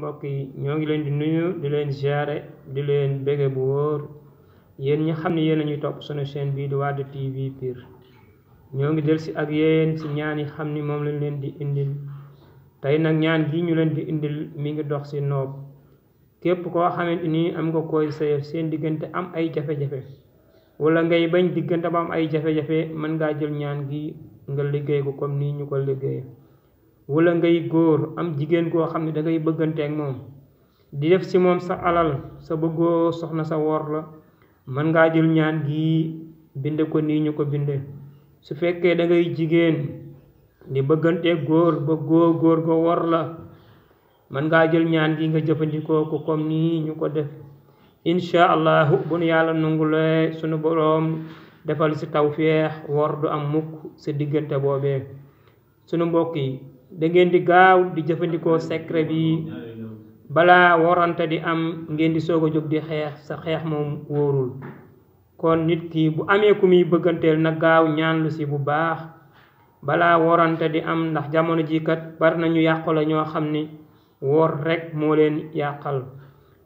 mbokk yi ñoo ngi leen di nuyu di leen ziare di leen bége bu wóor yéen ñi xam ne yéen lañuy topp sunu chaîne bii di Wade TV pir ñoo ngi del si ak yeen si ñaan yi xam ni moom lañ leen di indil tey nag ñaan gi ñu leen di indil mi ngi dox si noob képp koo xamante ni am nga koy sayal seen diggante am ay jafe-jafe wala ngay bañ diggante ba am ay jafe-jafe mën ngaa jël ñaan gi nga liggéey ko comme nii ñu ko liggéey wala ngay goor am jigen goo xamni da ngay bëggante ak mom di def ci mom sa alal sa bëggo soxna sa wor la man nga jël ñaan gi bind ko ni ñu ko bindé su fekke da ngay jigen di bëggante ak ba go goor go wor la man nga jël ñaan gi nga jëfëndiko ko kom ni ñu ko def insha allah bu nu yàlla nangulee sunu defal ci tawféex wor du am mukk ci digënté bobé suñu mbokk yi da ngeen di gaaw di jëfandikoo secret bi balaa warante di am ngeen di soog a jóg di xeex sa xeex moom wóorul kon nit ki bu amee ku muy bëgganteel na gaaw lu si bu baax balaa warante di am ndax jamono ji kat bar nañu yàqu la ñoo xam ni woor rek moo leen yàqal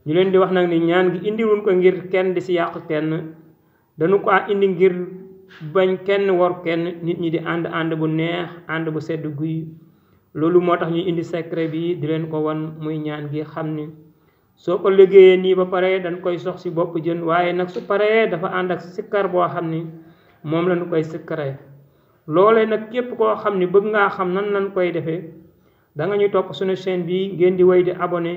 ñu leen di wax nag ni ñaan gi indiwuñ ko ngir kenn di si yàq kenn dañu ko indi ngir bañ kenn wor kenn nit ñi di ànd ànd bu neex ànd bu sedd guy loolu moo tax ñu indi secret bi di leen ko wan muy ñaan gi xam ni soo ko liggéeyee nii ba pare dañ koy sox si bopp jën waaye nag su paree dafa ànd ak sikkar boo xam ni moom lañu koy sikkaree loole nag képp koo xam ni bëgg ngaa xam nan lañ koy defee danga ñu topp suñu chaîne bi ngeen di way di abonné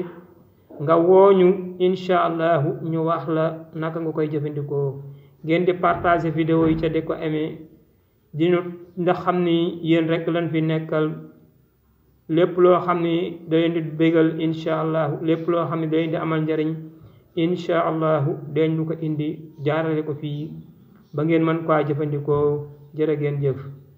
nga wooñu incha allahu ñu wax la naka nga koy jëfandikoo ngeen di partager vidéo yi ca di ko aimé di ñu ndax xam ni yéen rek lañ fi nekkal lépp loo xam ni day di bégal incha allahu lépp loo xam ne day di amal njariñ incha allahu dañ ñu ko indi jaarale ko fii ba ngeen mën kaa jëfandikoo jërë ngeen jëf